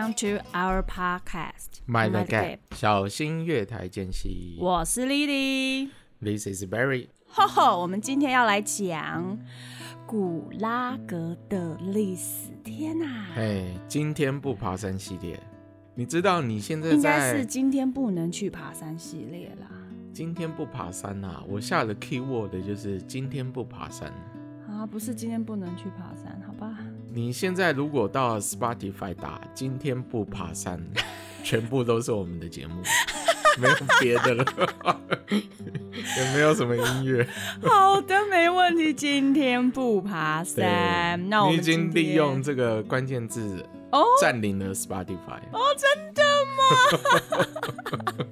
Welcome to our podcast. My, My the gap. cap. 小心月台間隙。我是 Lily This is Barry 呵呵，我們今天要來講古拉格的歷史。天哪、啊！嘿，hey, 今天不爬山系列。你知道你現在，在應該是今天不能去爬山系列啦。今天不爬山啦、啊，我下的 keyword 就是今天不爬山。啊，不是今天不能去爬山，好吧？你現在如果到 Spotify 打“今天不爬山”， 全部都是我們的節目，沒有別的了， 也沒有什麼音樂。好的，沒問題。今天不爬山，對那我們已經利用這個關鍵字哦，占、oh? 領了 Spotify。哦，oh, 真的嗎？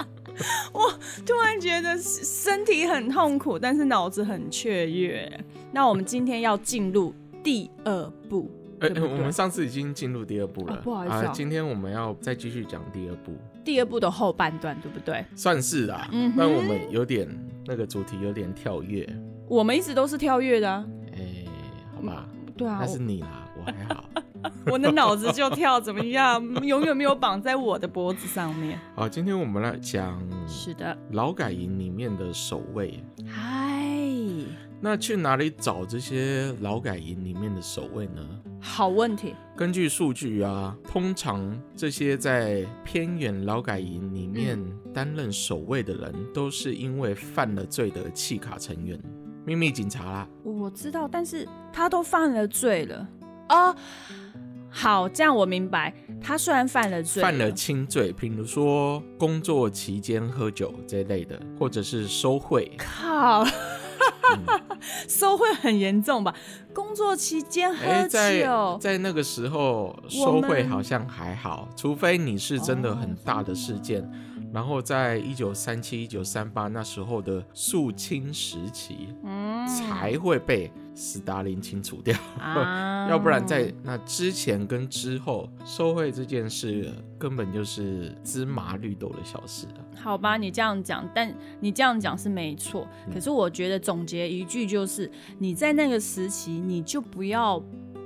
我突然覺得身體很痛苦，但是腦子很雀躍。那我們今天要進入第二部。哎，我們上次已經進入第二部了，不好意思。今天我們要再繼續講第二部。第二部的後半段，對不對？算是啦，那我們有點那個主題有點跳躍。我們一直都是跳躍的。哎，好吧。對啊，那是你啦，我還好。我的腦子就跳，怎麼樣？永遠沒有綁在我的脖子上面。好，今天我們來講。是的。勞改營裡面的守衛。嗨。那去哪裡找這些勞改營裡面的守衛呢？好問題。根據數據啊，通常這些在偏遠勞改營裡面擔任守衛的人，都是因為犯了罪的契卡成員，秘密警察啦。我知道，但是他都犯了罪了啊、哦。好，這樣我明白。他雖然犯了罪了，犯了輕罪，譬如說工作期間喝酒這類的，或者是收賄。靠！ 收賄很嚴重吧？工作期間，哎，在在那個時候，收賄好像還好，除非你是真的很大的事件。然後在，在一九三七、一九三八那時候的肅清時期，才會被斯大林清除掉。 要不然，在那之前跟之後，收賄這件事根本就是芝麻綠豆的小事啊。好吧，你這樣講，但你這樣講是沒錯。可是我覺得總結一句就是，嗯、你在那個時期，你就不要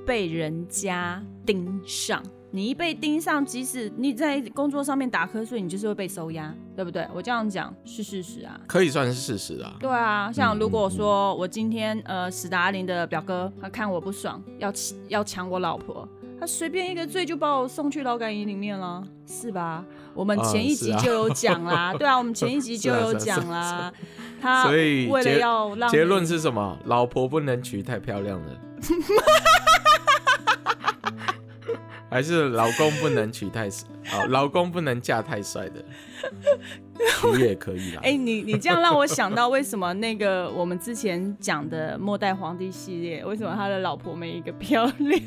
被人家盯上。你一被盯上，即使你在工作上面打瞌睡，你就是會被收押，對不對？我這樣講是事實啊，可以算是事實啊。對啊，像如果說我今天呃，史達林的表哥他看我不爽，要要搶我老婆。他隨便一個罪就把我送去勞改營裡面了，是吧？我們前一集就有講啦，哦、啊 對啊，我們前一集就有講啦。啊啊啊啊、他所以為了要讓結論是什麼？老婆不能娶太漂亮了。 還是老公不能娶太，哦，老公不能嫁太帥的，你也可以啦。哎，你你這樣讓我想到，為什麼那個我們之前講的末代皇帝系列，為什麼他的老婆沒一個漂亮？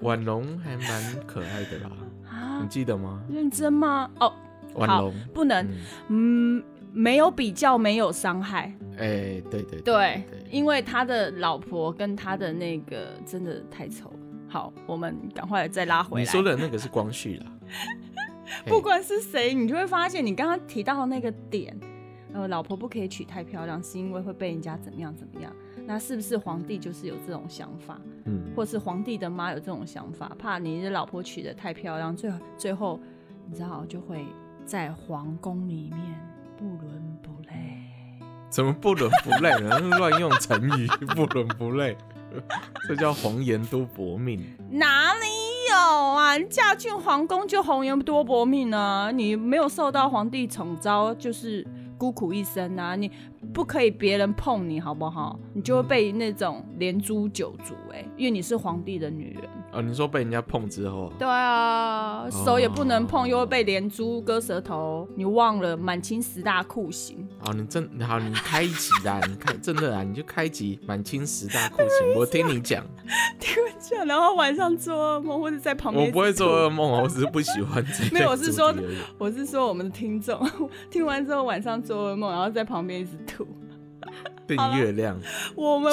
婉容還蠻可愛的啦。你記得嗎？認真嗎？哦，婉容，好，不能，嗯，沒有比較，沒有傷害。哎，對對對，因為他的老婆跟他的那個真的太醜。好，我們趕快再拉回來。你說的那個是光緒了。 不管是誰，你就會發現你剛剛提到那個點，呃，老婆不可以娶太漂亮，是因為會被人家怎麼樣怎麼樣。那是不是皇帝就是有這種想法？嗯，或是皇帝的媽有這種想法，怕你的老婆娶得太漂亮，最後最後你知道就會在皇宮裡面不倫不類。怎麼不倫不類呢？亂 用成語， 不倫不類。 這叫紅顏多薄命，哪裡有啊？嫁進皇宮就紅顏多薄命啊！你沒有受到皇帝寵召，就是孤苦一生啊！你不可以別人碰你，好不好？你就會被那種連誅九族、欸，誒。因為你是皇帝的女人。哦，你說被人家碰之後，對啊，手也不能碰，哦、又會被連珠割舌頭。你忘了滿清十大酷刑？哦，你真好，你開一集啊， 你開真的啊，你就開一集滿清十大酷刑，啊、我聽你講， 聽我講，然後晚上做噩夢或者在旁邊，我不會做噩夢哦，我只是不喜歡聽。沒有，我是說，我是說我們的聽眾，聽完之後晚上做噩夢，然後在旁邊一直吐。訂閱量，oh, 我們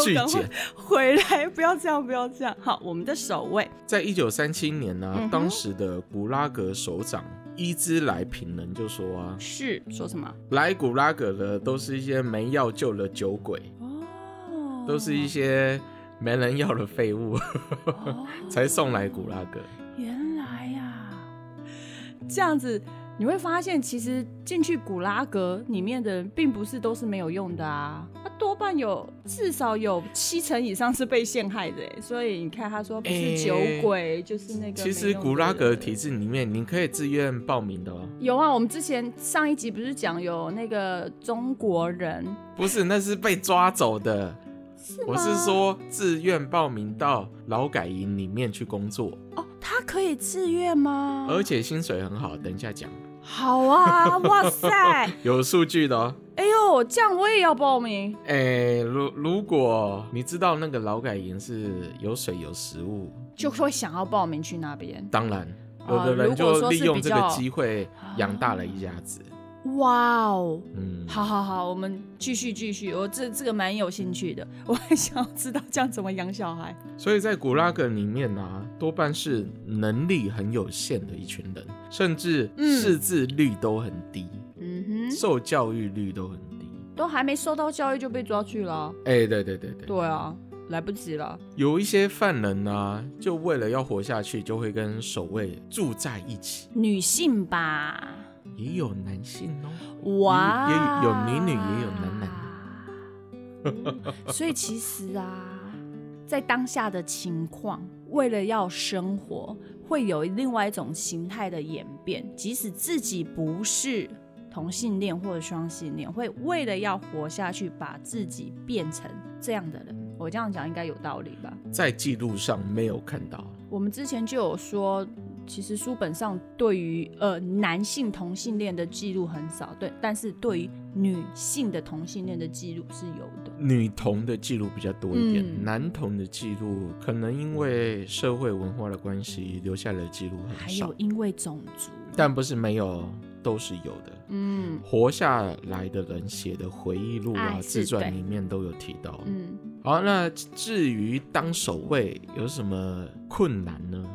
回來，不要這樣，不要這樣。好，我們的守衛，在一九三七年呢、啊，嗯、哼當時的古拉格首長伊茲萊平人就說啊，是說什麼？來古拉格的都是一些沒藥救的酒鬼，哦、嗯，都是一些沒人要的廢物，oh, 才送來古拉格。原來呀、啊，這樣子。你會發現，其實進去古拉格裡面的人，並不是都是沒有用的啊。它多半有，至少有七成以上是被陷害的、欸。所以你看，他說不是酒鬼，欸、就是那個。其實古拉格體制裡面，你可以自願報名的哦、喔。有啊，我們之前上一集不是講有那個中國人？不是，那是被抓走的。是嗎？我是說自願報名到勞改營裡面去工作。哦，他可以自願嗎？而且薪水很好，等一下講。好啊， 哇塞，有數據的哦。哎呦，這樣我也要報名。哎，如如果你知道那個勞改營是有水有食物，就會想要報名去那邊。當然，有的人就利用這個機會養大了一家子。哇哦，wow, 嗯、好，好，好，我們繼續，繼續。我這這個蠻有興趣的，我還想要知道這樣怎麼養小孩。所以在古拉格裡面呢、啊，多半是能力很有限的一群人，甚至識字率都很低，嗯哼，受教育率都很低，嗯、哼都還沒受到教育就被抓去了。哎、欸，對，對，對，對，對，對，對啊，來不及了。有一些犯人呢、啊，就為了要活下去，就會跟守衛住在一起。女性吧。也有男性哦，哇，也有女女，也有男男、嗯。所以其實啊，在當下的情況，為了要生活，會有另外一種形態的演變。即使自己不是同性戀或者雙性戀，會為了要活下去，把自己變成這樣的人。我這樣講應該有道理吧？在記錄上沒有看到。我們之前就有說。其實書本上對於呃男性同性戀的記錄很少，對，但是對於女性的同性戀的記錄是有的。女同的記錄比較多一點，嗯、男同的記錄可能因為社會文化的關係，留下的記錄很少。還有因為種族，但不是沒有，都是有的。嗯，活下來的人寫的回憶錄啊、自傳裡面都有提到。嗯，好、啊，那至於當守衛有什麼困難呢？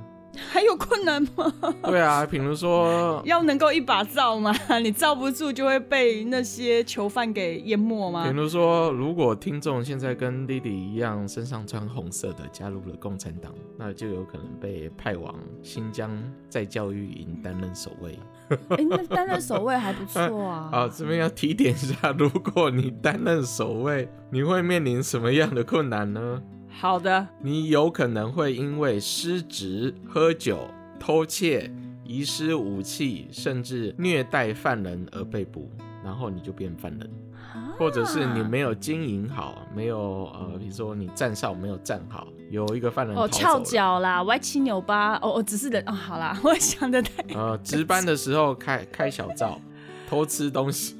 還有困難嗎？ 對啊，比如說要能夠一把罩嗎？你罩不住就會被那些囚犯給淹沒嗎？比如說，如果聽眾現在跟 Lily 一樣，身上穿紅色的，加入了共產黨，那就有可能被派往新疆再教育營擔任守衛。哎、 欸，那擔任守衛還不錯啊。啊， 這邊要提點一下，如果你擔任守衛，你會面臨什麼樣的困難呢？好的，你有可能會因為失職、喝酒、偷竊、遺失武器，甚至虐待犯人而被捕，然後你就變犯人，啊、或者是你沒有經營好，沒有呃，比如說你站哨沒有站好，有一個犯人哦翹腳啦，歪七扭八，哦哦，只是人哦，好啦，我想的太呃，可惜，值班的時候開開小灶， 偷吃東西，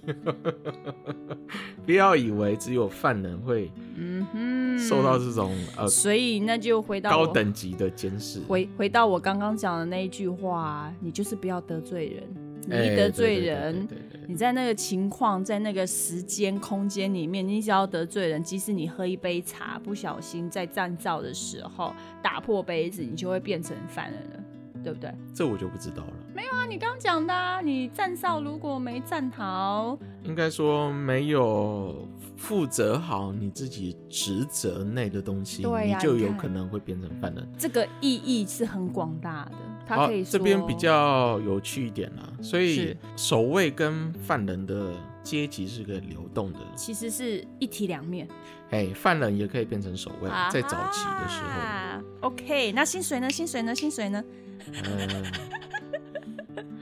不要以為只有犯人會，嗯哼。嗯、受到這種呃，所以那就回到高等級的監視。回回到我剛剛講的那一句話、啊，你就是不要得罪人。你一得罪人，你在那個情況，在那個時間空間裡面，你只要得罪人，即使你喝一杯茶，不小心在站哨的時候打破杯子，你就會變成犯人了，對不對？這我就不知道了。沒有啊，你剛講的、啊，你站哨如果沒站好、嗯，應該說沒有。.負責好你自己職責內的東西，啊、你，你就有可能會變成犯人。這個意義是很廣大的。他可以說、啊、這邊比較有趣一點啦，所以守衛、嗯、跟犯人的階級是可以流動的。其實是一體兩面。哎，犯人也可以變成守衛、啊，在早期的時候、啊。OK，那薪水呢？薪水呢？薪水呢？嗯。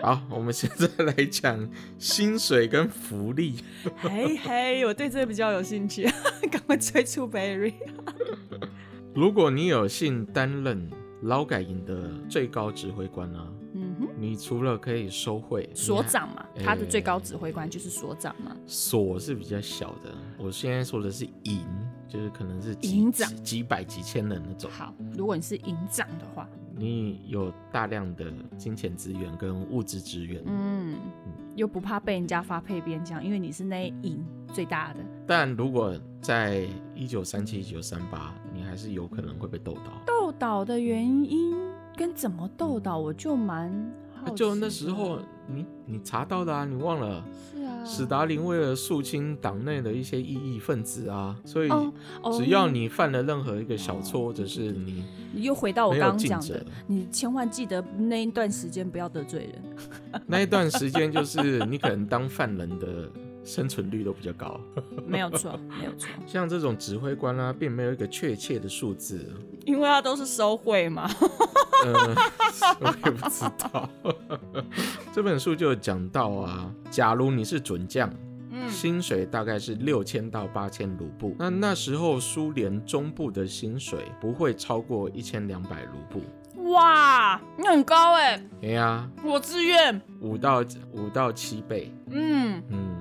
好，我們現在來講薪水跟福利。嘿嘿，我對這個比較有興趣，趕 快催促 Barry 如果你有幸擔任勞改營的最高指揮官呢？嗯哼，你除了可以收賄，所長嘛，還他的最高指揮官就是所長嘛、欸。所是比較小的，我現在說的是營，就是可能是營長帳幾,幾百幾千人那種。好，如果你是營長的話。你有大量的金錢資源跟物質資源，嗯，嗯又不怕被人家發配邊疆，因為你是那一營最大的。但如果在一九三七、一九三八，你還是有可能會被鬥倒。鬥倒的原因跟怎麼鬥倒，我就蠻好奇的、嗯……就那時候你你查到的啊，你忘了。史達林為了肅清黨內的一些異議分子啊，所以只要你犯了任何一個小錯，或者是你，你、哦哦哦、又回到我剛剛講的，你千萬記得那一段時間不要得罪人。那一段時間就是你可能當犯人的。生存率都比較高。沒錯，沒有錯，沒有錯。像這種指揮官啦、啊，並沒有一個確切的數字，因為他都是收賄嘛。嗯、 呃，我也不知道。 這本書就講到啊，假如你是准將，嗯、薪水大概是六千到八千盧布，那那時候蘇聯中部的薪水不會超過一千兩百盧布。哇，你很高哎、欸。哎呀、欸啊，我自願。五到五到七倍。嗯嗯。嗯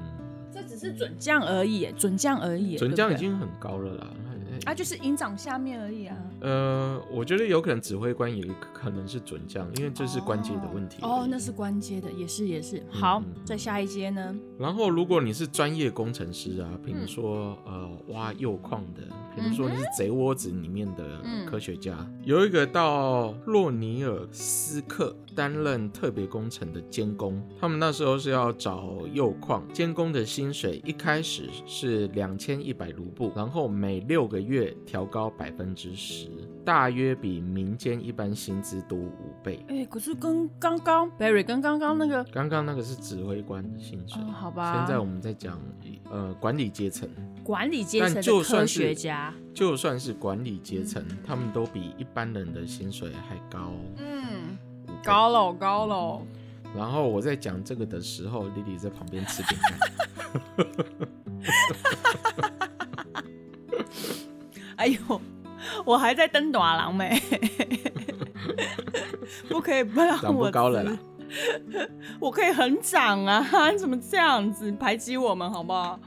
只是准將而已，准將而已，准將已經很高了啦。啊，就是營長下面而已啊。呃，我覺得有可能指揮官也可能是准將，因為這是官階的問題。哦，對對哦，那是官階的，也是也是。嗯、好，再下一階呢？然後，如果你是專業工程師啊，比如說、嗯、呃挖鈾礦的，比如說你是賊窩子裡面的科學家，嗯、有一個到洛尼爾斯克擔任特別工程的監工，他們那時候是要找鈾礦監工的薪水，一開始是兩千一百盧布，然後每六個月。月調高百分之十，大約比民間一般薪資多五倍。哎、欸，可是跟剛剛 Barry 跟剛剛那個，剛剛、嗯、那個是指揮官的薪水，嗯、好吧？現在我們在講，呃，管理階層。管理階層的科學家就，就算是管理階層，嗯、他們都比一般人的薪水還高、哦。嗯，倍高了，高了。嗯、然後我在講這個的時候，Lily 在旁邊吃餅乾 哎呦，我還在登塔郎妹。 不可以，不要讓我長不高了啦 我可以很長啊！你怎麼這樣子排擠我們好不好？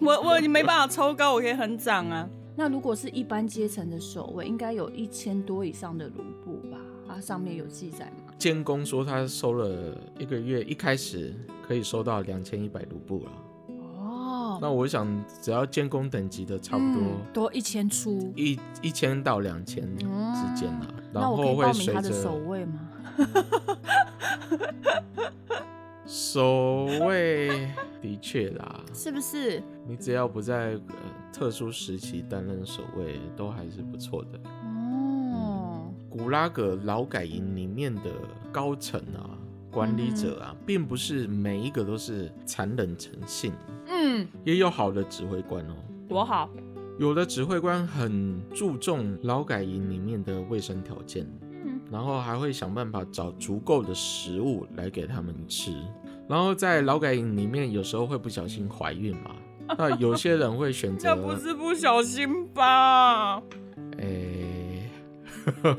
我我你沒辦法抽高，我可以很長啊！ 那如果是一般階層的守衛，應該有一千多以上的盧布吧？啊，上面有記載嗎？監工說他收了一個月，一開始可以收到兩千一百盧布了。那我想，只要監工等級的差不多，嗯，多一千出一一千到兩千之間，啊嗯，然後會隨着守衛嗎？守衛，嗯、 的確啦，是不是？你只要不在呃特殊時期擔任守衛，都還是不錯的，嗯、哦。古拉格勞改營裡面的高層啊。管理者啊，並不是每一個都是殘忍成性。嗯，也有好的指揮官哦。多好！有的指揮官很注重勞改營裡面的衛生條件，嗯，然後還會想辦法找足夠的食物來給他們吃。然後在勞改營裡面，有時候會不小心懷孕嘛，那有些人會選擇，這 不是不小心吧？誒、欸。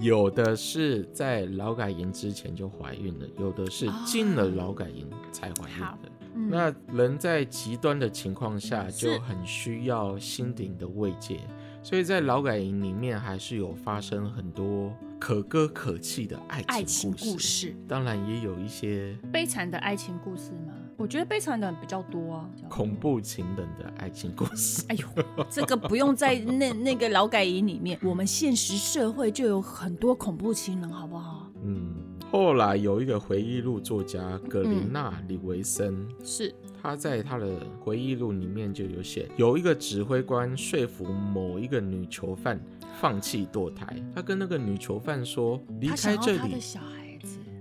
有的是在勞改營之前就懷孕了，有的是進了勞改營才懷孕的。哦嗯、那人在極端的情況下就很需要心靈的慰藉，是所以在勞改營裡面還是有發生很多可歌可泣的愛情愛情故事。當然也有一些悲慘的愛情故事嗎？我覺得悲慘的比較多啊，多恐怖情人的愛情故事。哎呦， 這個不用在那那個勞改營裡面， 我們現實社會就有很多恐怖情人，好不好？嗯，後來有一個回憶錄作家格琳娜李維森，嗯、是他在他的回憶錄裡面就有寫，有一個指揮官說服某一個女囚犯放棄墮胎，他跟那個女囚犯說離開這裡。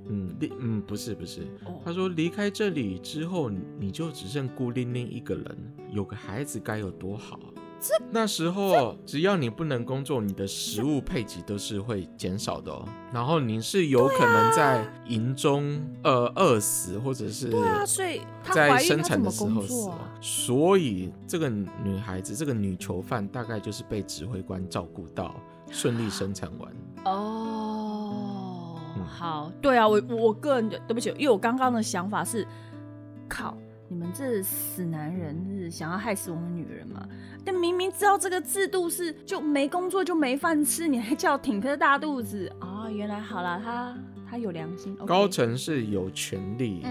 嗯，嗯，不是不是，不是 oh. 他說離開這裡之後，你就只剩孤零零一個人，有個孩子該有多好。這那時候這只要你不能工作，你的食物配給都是會減少的。哦，然後你是有可能在營中、對啊，呃餓死，或者是在生產的時候死亡。啊所以啊，所以這個女孩子，這個女囚犯大概就是被指揮官照顧到順利生產完哦。Oh. 好，對啊，我我個人的對不起，因為我剛剛的想法是，靠，你們這死男人是想要害死我們女人嗎？但明明知道這個制度是就沒工作就沒飯吃，你還叫挺個大肚子啊、哦？原來好了，他他有良心。高層是有權利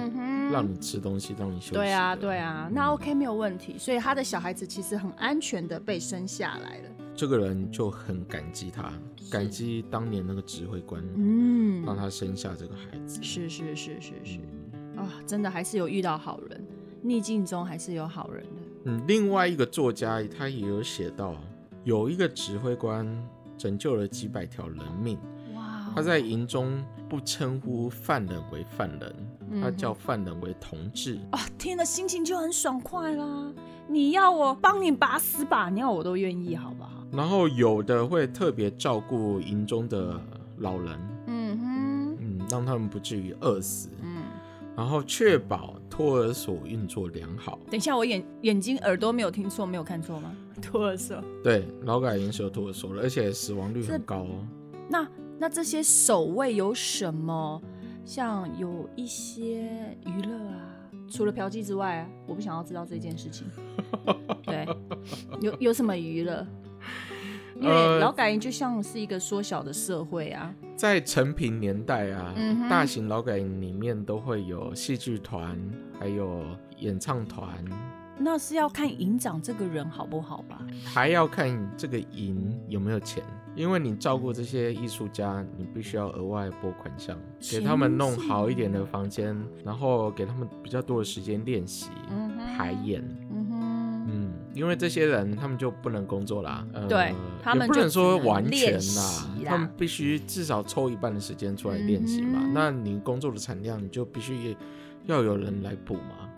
讓你吃東西，嗯哼，讓你休息。對啊，對啊，那 OK、嗯、沒有問題，所以他的小孩子其實很安全的被生下來了。這個人就很感激他，感激當年那個指揮官，嗯，讓他生下這個孩子。是是是是是，啊、嗯哦，真的還是有遇到好人，逆境中還是有好人的。嗯，另外一個作家他也有寫到，有一個指揮官拯救了幾百條人命，哇、哦，他在營中不稱呼犯人為犯人，他叫犯人為同志。啊、嗯哦，天哪，心情就很爽快啦，你要我幫你把屎把尿我都願意，好吧？然後有的會特別照顧營中的老人，嗯哼，嗯，讓他們不至於餓死，嗯，然後確保托兒所運作良好。等一下，我眼眼睛耳朵沒有聽錯，沒有看錯嗎？托兒所，對，勞改營是有托兒所的，而且死亡率很高哦。那那這些守衛有什麼？像有一些娛樂啊，除了嫖妓之外，我不想要知道這件事情。 對，有有什麼娛樂？因為勞改營就像是一個縮小的社會啊、呃，在承平年代啊，嗯、哼大型勞改營裡面都會有戲劇團，還有演唱團。那是要看營長這個人好不好吧？還要看這個營有沒有錢，因為你照顧這些藝術家，嗯、你必須要額外撥款項給他們弄好一點的房間，然後給他們比較多的時間練習排演。因為這些人他們就不能工作啦，對，呃、他們也不能說完全啦，啦他們必須至少抽一半的時間出來練習嘛。嗯、那你工作的產量你就必須也要有人來補嘛。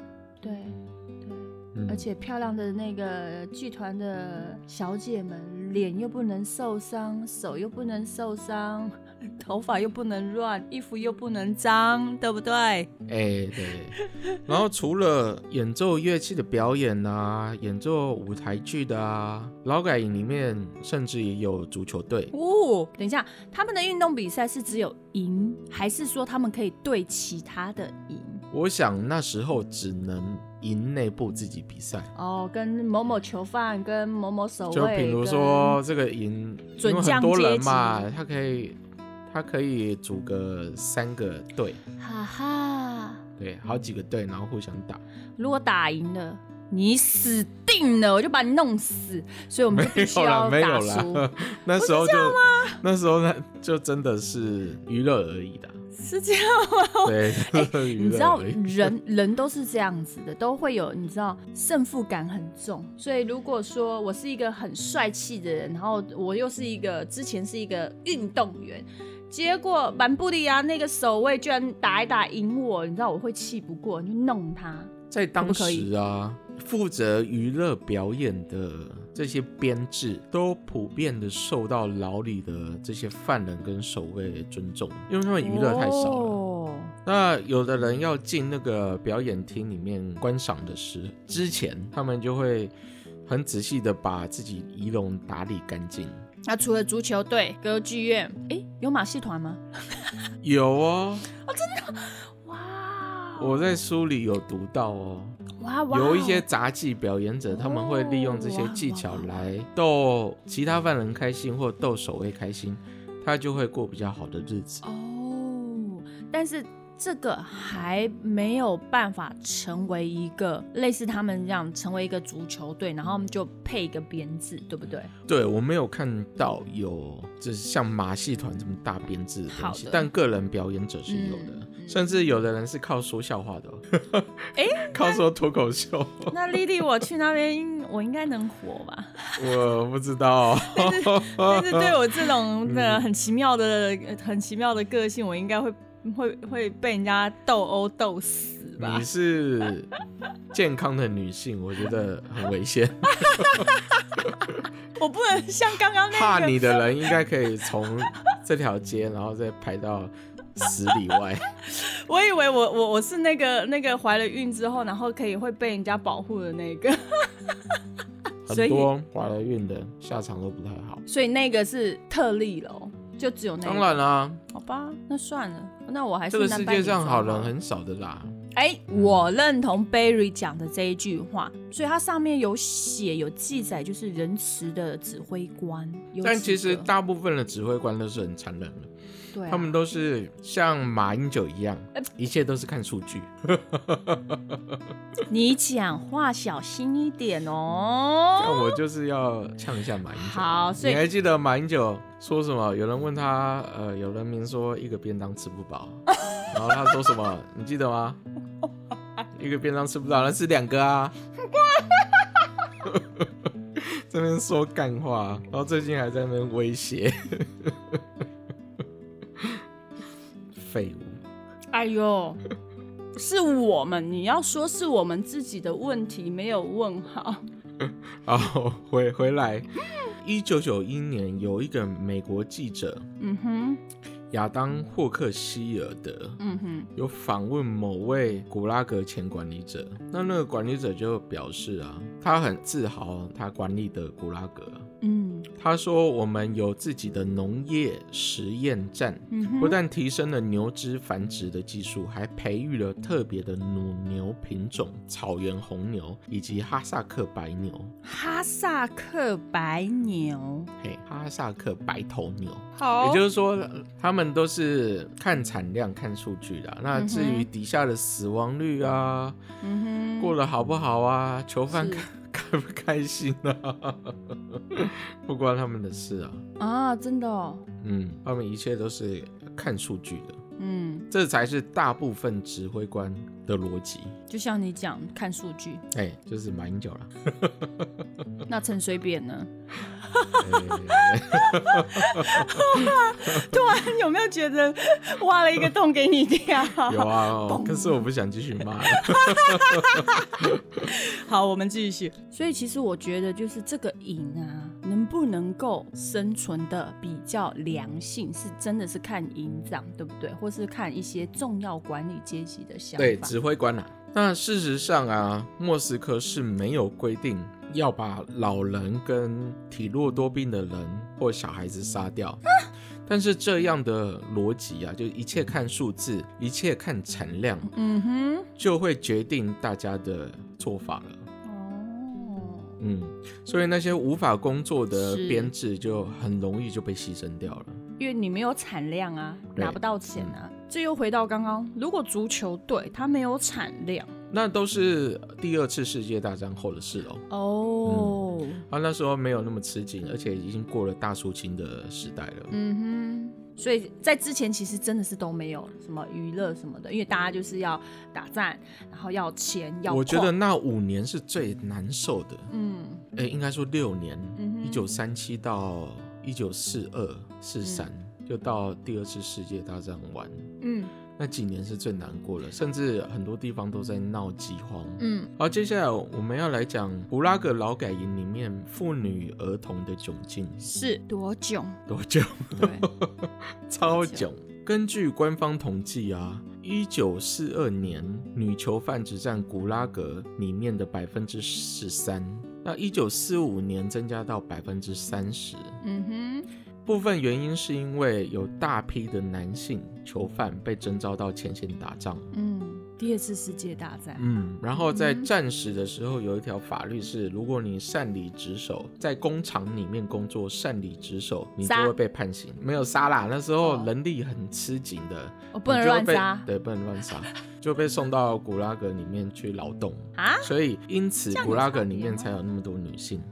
對，對，嗯、而且漂亮的那個劇團的小姐們臉又不能受傷，手又不能受傷。頭髮又不能亂，衣服又不能髒，對不對？哎、欸，對。然後除了演奏樂器的表演啊，演奏舞台劇的啊，勞改營裡面甚至也有足球隊。哦，等一下，他們的運動比賽是只有營，還是說他們可以對其他的營？我想那時候只能營內部自己比賽。哦，跟某某囚犯，跟某某守衛。就比如說跟 這個營，因為很多人嘛，他可以。他可以組個三個隊，哈哈，對，好幾個隊，然後互相打。如果打贏了，你死定了，我就把你弄死。所以，我們就必須要打輸，沒有啦，沒有啦。那時候就那時候呢，就真的是娛樂而已的，是這樣嗎？對，娛樂而已，你知道，人人都是這樣子的，都會有，你知道，勝負感很重。所以，如果說我是一個很帥氣的人，然後我又是一個之前是一個運動員。結果滿布里亞那個守衛居然打一打贏我，你知道我會氣不過，就弄他。在當時啊，負責娛樂表演的這些編制，都普遍的受到牢裡的這些犯人跟守衛尊重，因為他們娛樂太少了。Oh. 那有的人要進那個表演廳裡面觀賞的時候，之前他們就會很仔細的把自己儀容打理乾淨。那、啊、除了足球隊、歌劇院，誒，有馬戲團嗎？ 有哦，哦，真的，哇、wow！我在書裡有讀到哦，wow, wow 有一些雜技表演者，他們會利用這些技巧來逗其他犯人開心或逗守衛開心，他就會過比較好的日子哦。Wow, wow 但是。這個還沒有辦法成為一個類似他們這樣成為一個足球隊，然後我們就配一個編制，對不對？對，我沒有看到有就是像馬戲團這麼大編制的東西，的但個人表演者是有的，嗯、甚至有的人是靠說笑話的，哎，靠說脫口秀。那莉莉，我去那邊，我應該能活吧？我不知道， 但是，但是對我這種的很奇妙的、嗯、很奇妙的個性，我應該會。會會被人家鬥毆鬥死吧？你是健康的女性，我覺得很危險。 我不能像剛剛那樣、那個、怕你的人，應該可以從這條街，然後再排到十里外。 我以為我我我是那個那個懷了孕之後，然後可以會被人家保護的那個。 很多懷了孕的下場都不太好。所以那個是特例嘍。就只有那個當然啦、啊，好吧，那算了，那我還是這個世界上好人很少的啦。哎、欸，嗯、我認同 Barry 講的這一句話，所以它上面有寫有記載，就是仁慈的指揮官。有。但其實大部分的指揮官都是很殘忍的。他們都是像馬英九一樣，一切都是看數據。 你講話小心一點哦。那、嗯、我就是要嗆一下馬英九。好，所以你還記得馬英九說什麼？有人問他，呃，有人明說一個便當吃不飽， 然後他說什麼？你記得嗎？一個便當吃不飽那吃兩個啊。這 邊說幹話，然後最近還在那邊威脅。 哎呦，是我們！你要說是我們自己的問題沒有問好。 好，回回來。一九九一年，有一個美國記者，嗯哼，亞當霍克希爾德，嗯哼，有訪問某位古拉格前管理者，那那個管理者就表示啊，他很自豪他管理的古拉格。他說：“我們有自己的農業實驗站，不但提升了牛隻繁殖的技術，還培育了特別的乳牛品種——草原紅牛以及哈薩克白牛。哈薩克白牛，嘿，hey, 哈薩克白頭牛。好，也就是說，他們都是看產量、看數據的，啊。那至於底下的死亡率啊，嗯、哼過得好不好啊，囚犯看。”開不開心啊？ 不關他們的事啊！啊，真的哦。嗯，他們一切都是看數據的。嗯，這才是大部分指揮官。的邏輯，就像你講看數據，哎、欸，就是馬英九了。 那陳水扁呢？ 哇！突然有沒有覺得挖了一個洞給你跳。有啊、哦，可蹦是我不想繼續挖。 好，我們繼續。所以其實我覺得就是這個贏啊。不能夠生存的比較良性，是真的是看營長對不對，或是看一些重要管理階級的想法。對，指揮官吶、啊。那事實上啊，莫斯科是沒有規定要把老人跟體弱多病的人或小孩子殺掉。啊、但是這樣的邏輯啊，就一切看數字，一切看產量，嗯哼，就會決定大家的做法了。嗯，所以那些無法工作的編制就很容易就被犧牲掉了，因為你沒有產量啊，拿不到錢啊。嗯、這又回到剛剛，如果足球隊它沒有產量，那都是第二次世界大戰後的事了哦、嗯，啊，那時候沒有那麼吃緊，而且已經過了大肅清的時代了。嗯哼。所以在之前其實真的是都沒有什麼娛樂什麼的，因為大家就是要打仗，然後要錢要。我覺得那五年是最難受的。嗯，哎、欸，應該說六年，一九三七到一九四二四三，就到第二次世界大戰完。嗯。那幾年是最難過的，甚至很多地方都在鬧饑荒。嗯，好，接下來我們要來講古拉格勞改營裡面婦女兒童的窘境，是多窘，多窘久，對， 超窘。久根據官方統計啊，一九四二年女囚犯只佔古拉格裡面的百分之十三，那一九四五年增加到百分之三十。嗯哼。部分原因是因為有大批的男性囚犯被徵召到前線打仗。嗯，第二次世界大戰。嗯，然後在戰時的時候有一條法律是，如果你擅離職守，在工廠裡面工作擅離職守，你就會被判刑。殺沒有殺啦，那時候人力很吃緊的，哦、我不能亂殺。對，不能亂殺， 就被送到古拉格裡面去勞動啊。所以因此古拉格裡面才有那麼多女性。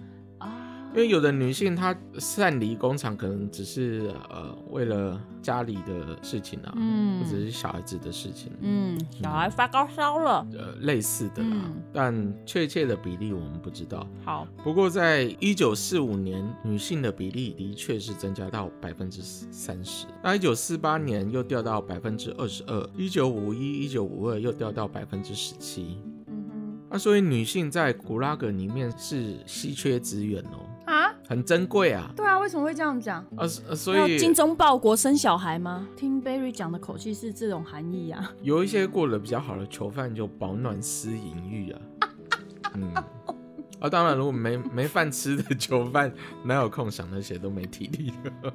因為有的女性她擅離工廠，可能只是呃為了家裡的事情啊，嗯、或者是小孩子的事情，嗯，小孩發高燒了，呃、嗯、類似的啦，嗯、但確切的比例我們不知道。好，不過在一九四五年，女性的比例的確是增加到百分之三十。那一九四八年又掉到百分之二十二，一九五一一九五二又掉到百分之十七。嗯哼，那所以女性在古拉格裡面是稀缺資源哦。很珍貴啊！對啊，為什麼會這樣講啊，啊？所以要精忠報國生小孩嗎？聽 Barry 講的口氣是這種含義啊。有一些過得比較好的囚犯就飽暖思淫欲啊、 嗯。啊，當然，如果沒沒飯吃的囚犯，哪有空想那些，都沒體力。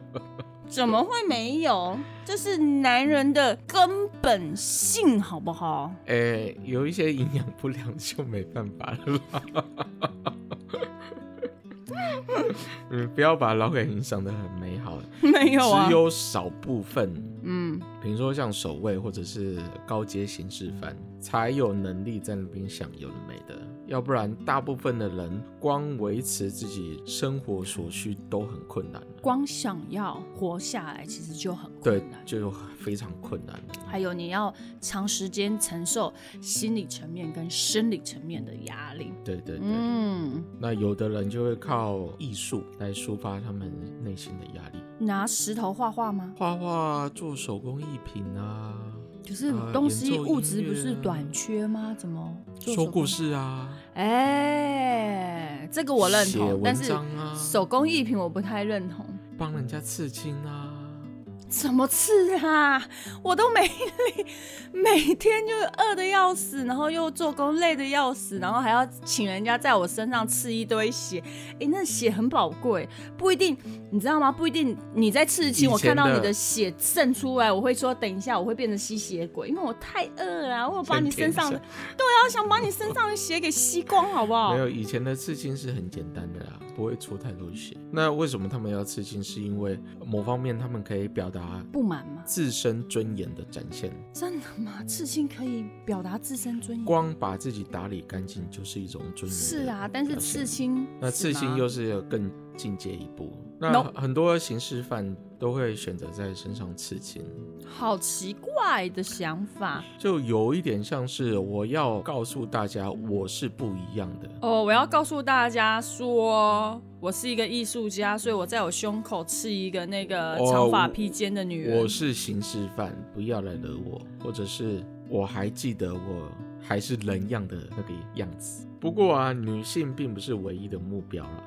怎麼會沒有？這是男人的根本性，好不好？誒、欸，有一些營養不良就沒辦法了。 嗯，不要把勞改營想的很美好，沒有、啊，只有少部分，嗯，比如說像守衛或者是高階刑事犯，才有能力在那邊享有的美的，要不然大部分的人光維持自己生活所需都很困難。光想要活下來，其實就很困難，對，就非常困難。還有你要長時間承受心理層面跟生理層面的壓力。對對對，嗯，那有的人就會靠藝術來抒發他們內心的壓力。拿石頭畫畫嗎？畫畫、做手工藝品啊。就是東西、呃、物質不是短缺嗎？怎麼？說故事啊？哎、欸，這個我認同，啊、但是手工藝品我不太認同。嗯幫人家刺青啊！怎麼刺啊？我都沒力，每天就餓得要死，然後又做工累得要死，然後還要請人家在我身上刺一堆血。哎、欸，那個血很寶貴，不一定你知道嗎？不一定你在刺青，我看到你的血滲出來，我會說等一下我會變成吸血鬼，因為我太餓了、啊，我把你身上的。上對啊，我想把你身上的血給吸光好不好？沒有，以前的刺青是很簡單的啦，不會出太多血。那為什麼他們要刺青？是因為某方面他們可以表達。不滿嗎？自身尊嚴的展現，真的嗎？刺青可以表達自身尊嚴，光把自己打理乾淨就是一種尊嚴。是啊，但是刺青是，那刺青又是更進階一步。那很多刑事犯都會選擇在身上刺青，好奇怪的想法，就有一點像是我要告訴大家我是不一樣的哦，我要告訴大家說。我是一個藝術家，所以我在我胸口刺一個那個長髮披肩的女人。我，我是刑事犯，不要來惹我，或者是我還記得我還是人樣的那個樣子。不過啊，女性並不是唯一的目標了，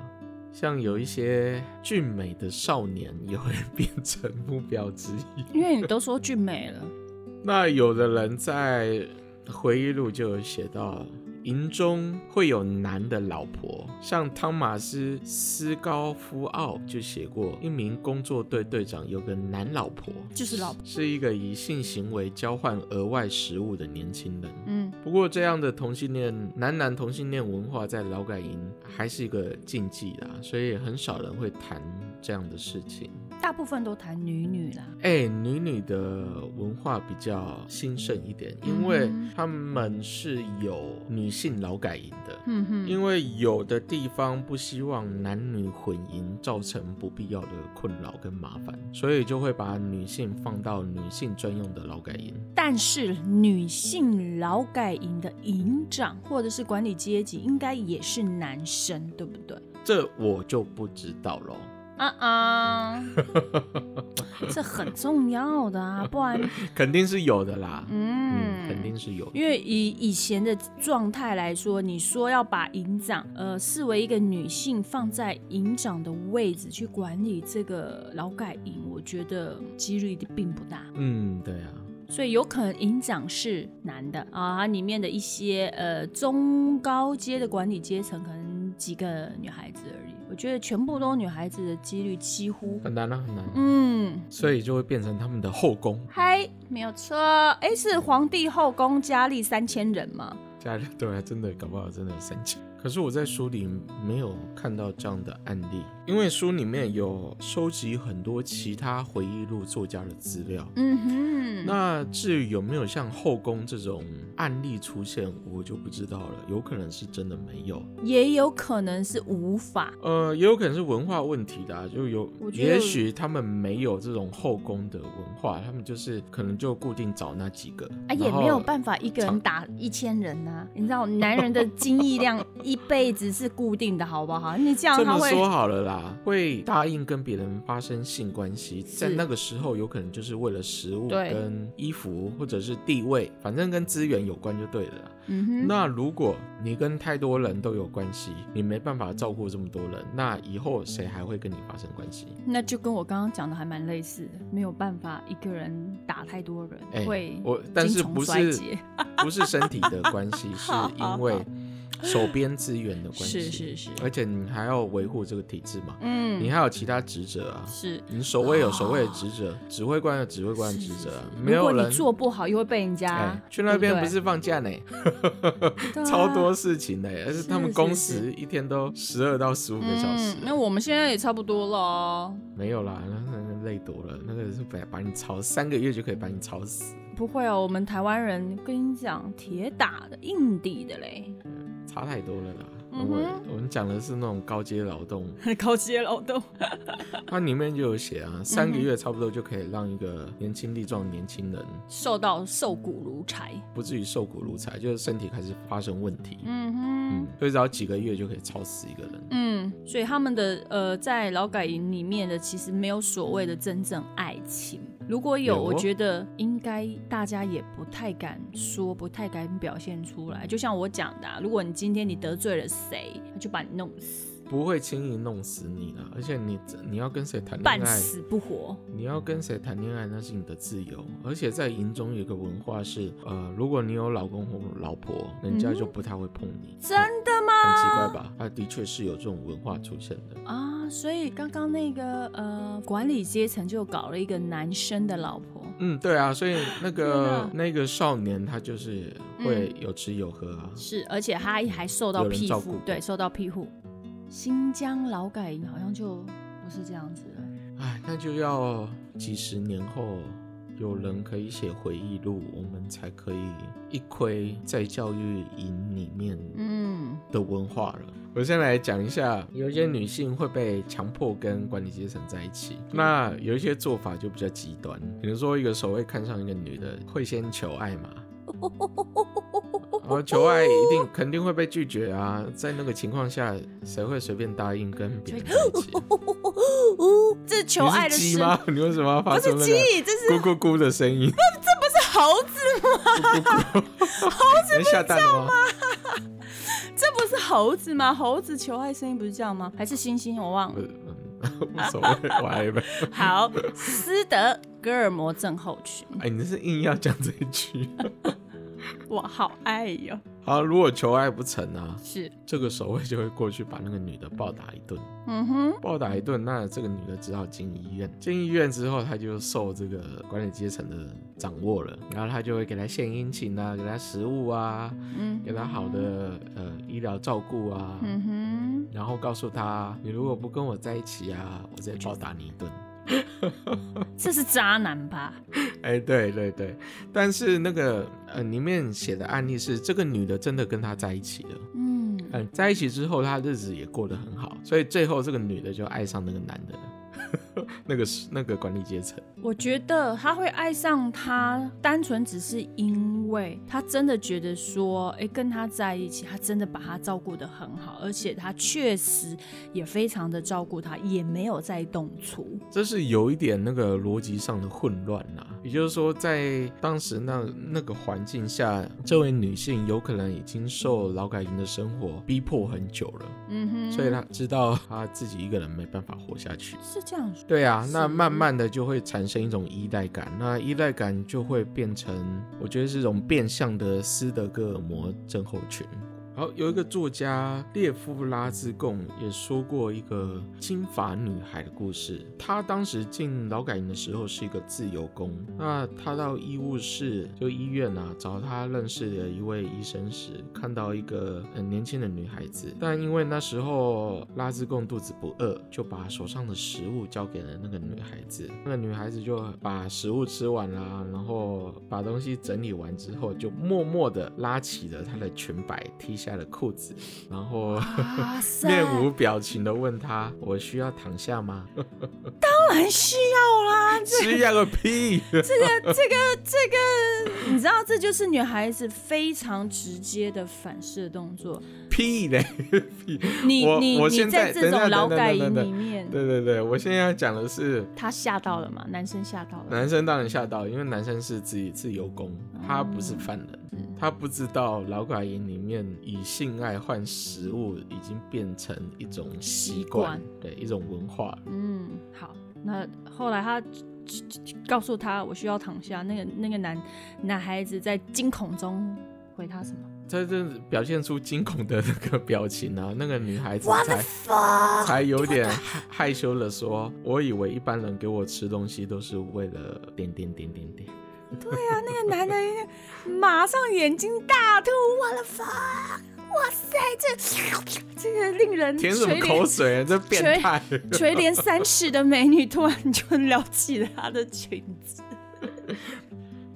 像有一些俊美的少年也會變成目標之一。因為你都說俊美了， 那有的人在回憶錄就有寫到。營中會有男的老婆，像湯馬斯·斯高夫奧就寫過，一名工作隊隊長有個男老婆，就是老婆是，是一個以性行為交換額外食物的年輕人。嗯，不過這樣的同性戀男男同性戀文化在勞改營還是一個禁忌啦，所以很少人會談這樣的事情。大部分都談女女啦，哎、欸，女女的文化比較興盛一點，因為他們是有女性勞改營的，嗯哼，因為有的地方不希望男女混營造成不必要的困擾跟麻煩，所以就會把女性放到女性專用的勞改營。但是女性勞改營的營長或者是管理階級應該也是男生，對不對？這我就不知道咯。啊啊，uh oh. 這很重要的啊，不然 肯定是有的啦。嗯，嗯肯定是有的。因為以以前的狀態來說，你說要把營長呃視為一個女性放在營長的位置去管理這個勞改營，我覺得幾率的並不大。嗯，對啊。所以有可能營長是男的啊，呃、裡面的一些呃中高階的管理階層可能幾個女孩子而已。我覺得全部都是女孩子的幾率幾乎很難了、啊，很難、啊。嗯，所以就會變成他們的後宮。嗨，沒有錯。哎、欸，是皇帝後宮佳麗三千人嗎？佳麗對、啊，真的搞不好真的有三千。可是我在書裡沒有看到這樣的案例，因為書裡面有收集很多其他回憶錄作家的資料。嗯哼。那至於有沒有像後宮這種案例出現，我就不知道了。有可能是真的沒有，也有可能是無法。呃，也有可能是文化問題的、啊，就有。也許他們沒有這種後宮的文化，他們就是可能就固定找那幾個。啊，後也沒有辦法一個人打一千人啊！長你知道，男人的精液量。 一輩子是固定的，好不好？你這樣他會這麼說好了啦，會答應跟別人發生性關係，是在那個時候有可能就是為了食物對、跟衣服或者是地位，反正跟資源有關就對了。嗯、哼那如果你跟太多人都有關係，你沒辦法照顧這麼多人，那以後誰還會跟你發生關係？那就跟我剛剛講的還蠻類似，沒有辦法一個人打太多人，會、欸、我但是不是 不是身體的關係，是因為。手邊資源的關係，是是是，而且你還要維護這個體制嘛，嗯，你還有其他職責啊，是，你守衛有守衛的職責，指揮官有指揮官的職責，沒有，如果你做不好又會被人家去那邊不是放假呢，超多事情的。而且他們工時一天都十二到十五個小時，那我們現在也差不多了，沒有啦，那那累多了，那個是把把你吵，三個月就可以把你吵死，不會哦，我們台灣人跟你講鐵打的硬底的嘞。差太多了啦！嗯、哼我們我們講的是那種高階勞動，高階勞動， 它裡面就有寫啊，嗯、哼三個月差不多就可以讓一個年輕力壯的年輕人瘦到瘦骨如柴，不至於瘦骨如柴，嗯、哼就是身體開始發生問題。嗯哼，所以只要幾個月就可以操死一個人。嗯，所以他們的呃，在勞改營裡面的其實沒有所謂的真正愛情。嗯如果有，我覺得應該大家也不太敢說，不太敢表現出來。就像我講的啊，如果你今天你得罪了誰，他就把你弄死。不會輕易弄死你的、啊、而且你你要跟誰談戀愛半死不活，你要跟誰談戀愛，談戀愛那是你的自由，而且在營中有一個文化是，呃，如果你有老公或老婆，人家就不太會碰你。嗯嗯、真的嗎？很奇怪吧？他的確是有這種文化出現的啊，所以剛剛那個呃管理階層就搞了一個男生的老婆。嗯，對啊，所以那個、 啊、那個少年他就是會有吃有喝、啊嗯，是，而且他還受到庇護，對，受到庇護。新疆勞改營好像就不是這樣子了，哎，那就要幾十年後有人可以寫回憶錄，我們才可以一窺在教育營裡面嗯的文化了。嗯、我先來講一下，有一些女性會被強迫跟管理階層在一起，對那有一些做法就比較極端，比如說一個守衛看上一個女的，會先求愛嘛。 我、哦、求愛一定肯定會被拒絕啊！在那個情況下，誰會隨便答應跟別人一起？這是求愛的聲音嗎？你為什麼要發出那個？這是咕咕咕的聲音。不，這不是猴子嗎？咕咕咕猴子不叫蛋嗎？ 蛋嗎 這不是猴子嗎？猴子求愛聲音不是這樣嗎？還是猩猩？我忘了，無所謂，我愛唄。好，斯德哥爾摩症候群。哎、欸，你是硬要講這一句。 我好愛喲、喔！好，如果求愛不成呢，啊？是這個守衛就會過去把那個女的暴打一頓。嗯哼，暴打一頓，那這個女的只好進醫院。進醫院之後，她就受這個管理階層的掌握了。然後她就會給她獻殷勤啊，給她食物啊，嗯哼，給她好的呃醫療照顧啊。嗯哼，然後告訴她，你如果不跟我在一起啊，我再暴打你一頓。 這是渣男吧？哎，欸、對對對，但是那個呃，裡面寫的案例是這個女的真的跟他在一起了，嗯嗯、呃，在一起之後，她日子也過得很好，所以最後這個女的就愛上那個男的了。 那個是那個管理階層，我覺得他會愛上她，單純只是因為他真的覺得說，哎、欸，跟他在一起，他真的把她照顧得很好，而且他確實也非常的照顧她，也沒有在動粗。這是有一點那個邏輯上的混亂了、啊，也就是說，在當時那那個環境下，這位女性有可能已經受勞改營的生活逼迫很久了，嗯哼，所以她知道她自己一個人沒辦法活下去，是這樣說。對啊，那慢慢的就會產生一種依賴感，那依賴感就會變成，我覺得是一種變相的斯德哥爾摩症候群。好，有一個作家列夫·拉茲貢也說過一個金髮女孩的故事。他當時進勞改營的時候是一個自由工。那他到醫務室，就醫院啊，找他認識的一位醫生時，看到一個很年輕的女孩子。但因為那時候拉茲貢肚子不餓，就把手上的食物交給了那個女孩子。那個女孩子就把食物吃完啦，然後把東西整理完之後，就默默的拉起了她的裙擺，踢下。帶了褲子，然後、啊、塞，面無表情的問他：“我需要躺下嗎？”當然需要啦！這 對需要個屁！這個、這個、這個，你知道，這就是女孩子非常直接的反射動作。屁嘞，屁！你你我我現在你現在這種勞改營裡面等等等等等等，對對對，我現在要講的是，他嚇到了嘛？男生嚇到了，男生當然嚇到了，因為男生是自己自由工，功嗯、他不是犯人。他，嗯，不知道勞改營裡面以性愛換食物已經變成一種習慣，習慣。對，一種文化。嗯，好。那後來他告訴他，我需要躺下，那個那個男男孩子，在驚恐中回他什麼？在這表現出驚恐的那個表情啊。那個女孩子才 What the fuck? 才有點害羞地說：“我以為一般人給我吃東西都是為了點點點點點。” 對啊，那個男的馬上眼睛大突，我的髮，哇塞，這這個令人舔什麼口水啊，這變態垂涎三尺的美女突然就撩起了她的裙子。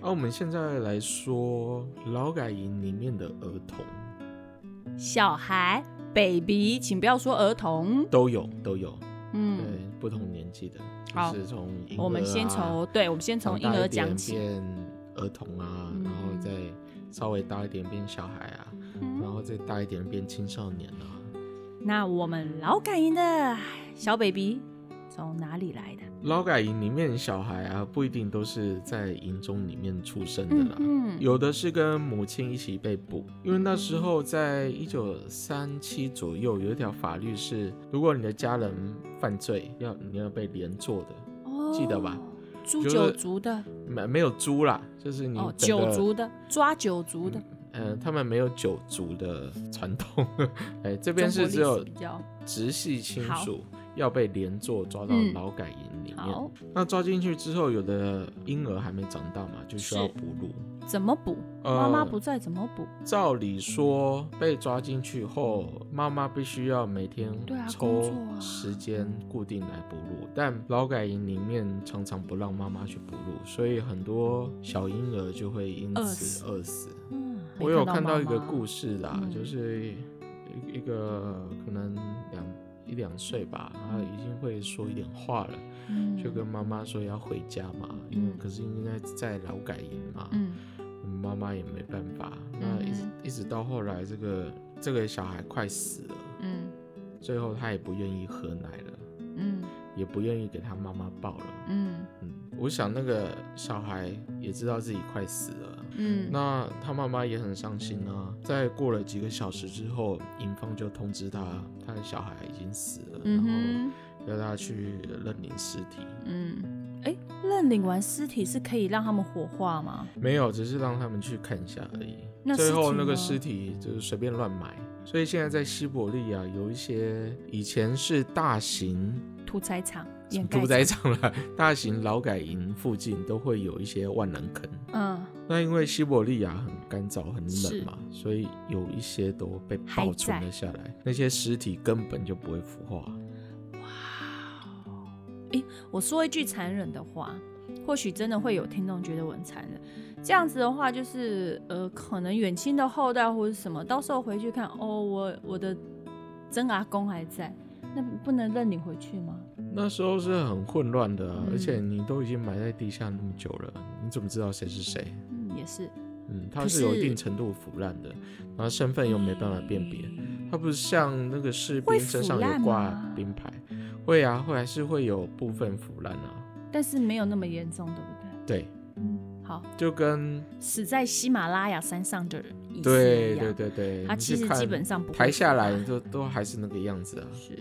那、 啊、我們現在來說勞改營裡面的兒童、小孩、baby，請不要說兒童，都有都有。都有嗯對，不同年紀的，好，就是從啊、我們先從，對我們先從嬰兒講起，變兒童啊，嗯、然後再稍微大一點變小孩啊，嗯、然後再大一點變青少年啊。那我們勞改營的小 baby 從哪裡來的？勞改營裡面小孩啊，不一定都是在營中裡面出生的啦，嗯嗯、有的是跟母親一起被捕，因為那時候在一九三七左右有一條法律是，如果你的家人犯罪，要你要被連坐的，哦、記得吧？誅九族的？沒沒有誅啦，就是你、哦、九族的抓九族的，嗯、呃，他們沒有九族的傳統， 哎，這邊是只有直系親屬。要被連坐抓到勞改營裡面，嗯、那抓進去之後，有的嬰兒還沒長大嘛，就需要哺乳。怎麼補？媽媽、呃、不在怎麼補？照理說、嗯、被抓進去後，媽媽、嗯、必須要每天抽時間固定來哺乳，啊啊、但勞改營裡面常常不讓媽媽去哺乳，所以很多小嬰兒就會因此餓死。餓死，嗯、沒看到媽媽，我有看到一個故事啦，嗯、就是一一個可能。一兩歲吧，他已經會說一點話了，就、嗯、跟媽媽說要回家嘛，嗯、因為可是應該在勞改營嘛，嗯、媽媽也沒辦法，嗯、那一直、嗯、一直到後來，這個這個小孩快死了，嗯、最後他也不願意喝奶了，嗯、也不願意給他媽媽抱了、嗯嗯，我想那個小孩也知道自己快死了。嗯，那他媽媽也很傷心啊。嗯、在過了幾個小時之後，營方就通知他，他的小孩已經死了，嗯、哼然後要他去認領屍體。嗯，哎、欸，認領完屍體是可以讓他們火化嗎？沒有，只是讓他們去看一下而已。那、嗯、最後那個屍體就是隨便亂埋。所以現在在西伯利亞有一些以前是大型屠宰場，屠宰場了、啊，大型勞改營附近都會有一些萬人坑。嗯。那因為西伯利亞很乾燥、很冷嘛，是所以有一些都被保存了下來。在那些屍體根本就不會腐化。哇、欸，我說一句殘忍的話，或許真的會有聽眾覺得我很殘忍。這樣子的話，就是呃，可能遠親的後代或者是什麼，到時候回去看哦，我我的曾阿公還在，那不能認領回去嗎？那時候是很混亂的、啊，嗯、而且你都已經埋在地下那麼久了，你怎麼知道誰是誰？也是，嗯，它是有一定程度腐爛的，是然後身份又沒辦法辨別，嗯、它不是像那個士兵身上有掛兵牌，會,會啊，會還是會有部分腐爛啊，但是沒有那麼嚴重，對不對？對，嗯，好，就跟死在喜馬拉雅山上的人一，對,對,對,對，對，對，對，他其實基本上不會，抬下來都都還是那個樣子啊。是，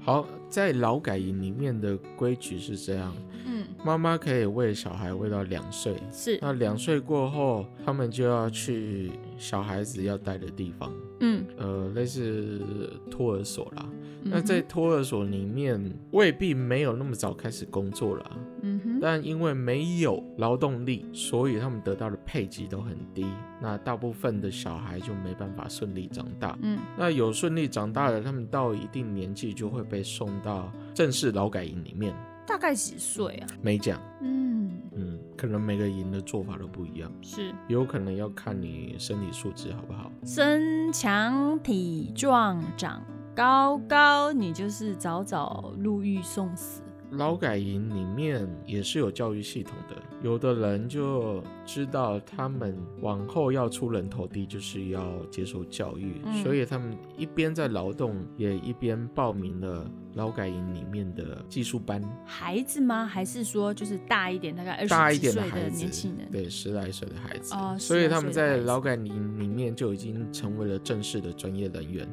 好，在勞改營裡面的規矩是這樣。嗯媽媽可以餵小孩餵到兩歲，是。那兩歲過後，他們就要去小孩子要待的地方，嗯，呃，類似托兒所啦。嗯哼。那在托兒所裡面，未必沒有那麼早開始工作啦。嗯哼。但因為沒有勞動力，所以他們得到的配給都很低。那大部分的小孩就沒辦法順利長大，嗯。那有順利長大的，他們到一定年紀就會被送到正式勞改營裡面。大概幾歲啊？沒講。嗯嗯，可能每個營的做法都不一樣，是，有可能要看你身體素質好不好。身強體壯長高高，你就是早早入獄送死。勞改營裡面也是有教育系統的，有的人就知道他們往後要出人頭地，就是要接受教育，嗯、所以他們一邊在勞動，也一邊報名了。勞改營裡面的技術班孩子嗎？還是說就是大一點，大概二十幾歲的年輕人？對，十來歲的孩子。哦，所以他們在勞改營裡面就已經成為了正式的專業人員。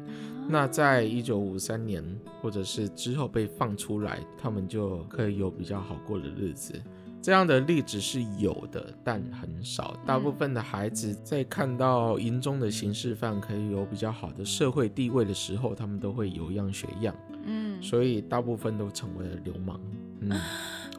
那在一九五三年或者是之後被放出來，他們就可以有比較好過的日子。這樣的例子是有的，但很少。大部分的孩子在看到營中的刑事犯可以有比較好的社會地位的時候，他們都會有樣學樣。所以大部分都成為了流氓，嗯，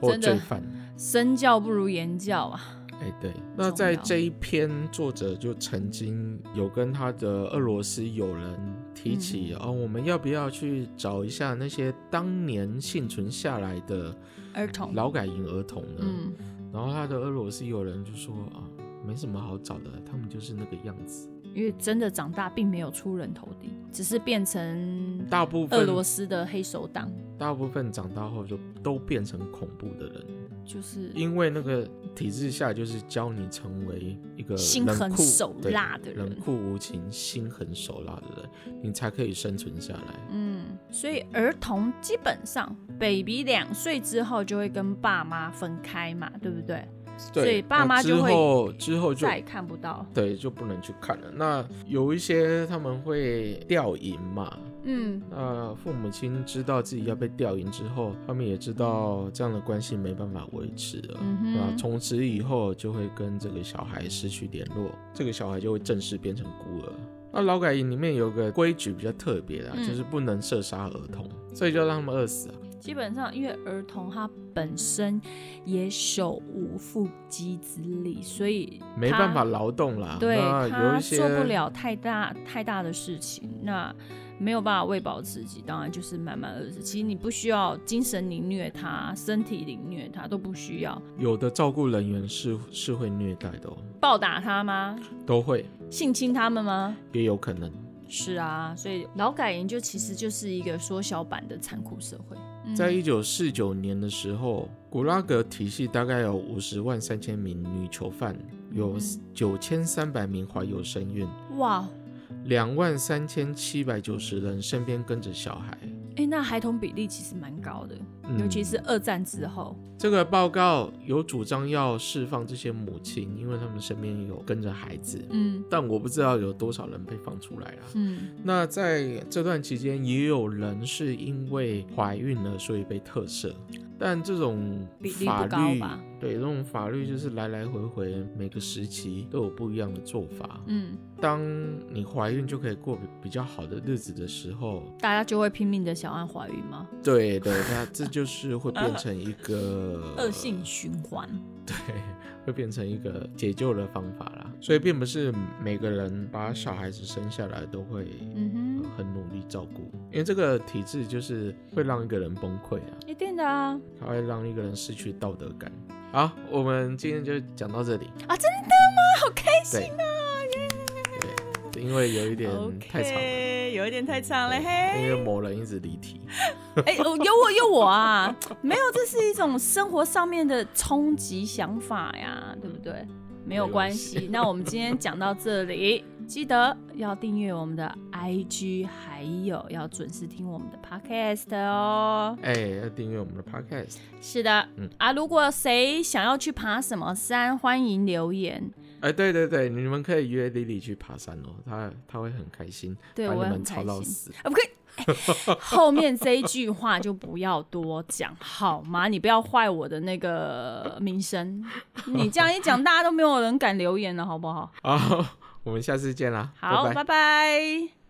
或罪犯。身教不如言教啊！哎，欸、對。那在這一篇，作者就曾經有跟他的俄羅斯友人提起，嗯、哦，我們要不要去找一下那些當年幸存下來的兒童勞改營兒童呢？童嗯，然後他的俄羅斯友人就說，啊、哦，沒什麼好找的，他們就是那個樣子。因為真的長大並沒有出人頭地，只是變成大部分俄羅斯的黑手黨。大部分長大後就都變成恐怖的人，就是因為那個體制下，就是教你成為一個心狠手辣的人，冷酷無情、心狠手辣的人，你才可以生存下來。嗯，所以兒童基本上，baby 兩歲之後就會跟爸媽分開嘛，對不對？對所以爸媽就會之後再也看不到，對，就不能去看了。那有一些他們會調營嘛，嗯，那父母親知道自己要被調營之後，他們也知道這樣的關係沒辦法維持了，嗯、哼那從此以後就會跟這個小孩失去聯絡，這個小孩就會正式變成孤兒。那勞改營裡面有個規矩比較特別的，就是不能射殺兒童，嗯、所以就讓他們餓死啊。基本上，因為兒童他本身也手無縛雞之力，所以沒辦法勞動啦。對，那他做不了太大太大的事情，那沒有辦法餵飽自己，當然就是慢慢餓死。其實你不需要精神凌虐他，身體凌虐他都不需要。有的照顧人員是是會虐待的哦。暴打他嗎？都會。性侵他們嗎？也有可能。是啊，所以勞改營就其實就是一個縮小版的殘酷社會。在一九四九年的時候，嗯、古拉格體系大概有五十萬三千名女囚犯，有九千三百名懷有身孕，哇、嗯，兩萬三千七百九十人身邊跟着小孩，誒哇、欸，那孩童比例其實蠻高的。尤其是二戰之後，嗯、這個報告有主張要釋放這些母親，因為他們身邊有跟着孩子。嗯，但我不知道有多少人被放出來了、啊。嗯，那在這段期間，也有人是因為懷孕了，所以被特赦。但這種法律吧，對這種法律就是來來回回，每個時期都有不一樣的做法。嗯，當你懷孕就可以過比較好的日子的時候，大家就會拼命的想要懷孕嗎？對對，他這。 就是會變成一個惡性循環，對，會變成一個解救的方法啦。所以並不是每個人把小孩子生下來都會，嗯哼，很努力照顧，因為這個體制就是會讓一個人崩潰啊，一定的啊，它會讓一個人失去道德感。好，我們今天就講到這裡啊，真的嗎？好開心啊！因為有一點太長，okay, 有一點太長了嘿。因為某人一直離題。哎嘿、欸，有我有我啊， 沒有，這是一種生活上面的衝擊想法呀，對不對？沒有關係。關係那我們今天講到這裡， 記得要訂閱我們的 IG，還有要準時聽我們的 Podcast 哦。哎、欸，要訂閱我們的 Podcast。是的，嗯啊，如果誰想要去爬什麼山，歡迎留言。哎，欸、對對對，你們可以約莉莉去爬山哦，她她會很開心，對把你們吵到死。不可以，後面這一句話就不要多講 好嗎？你不要壞我的那個名聲，你這樣一講，大家都沒有人敢留言了，好不好？ 好不好，oh, 我們下次見啦，好，拜拜。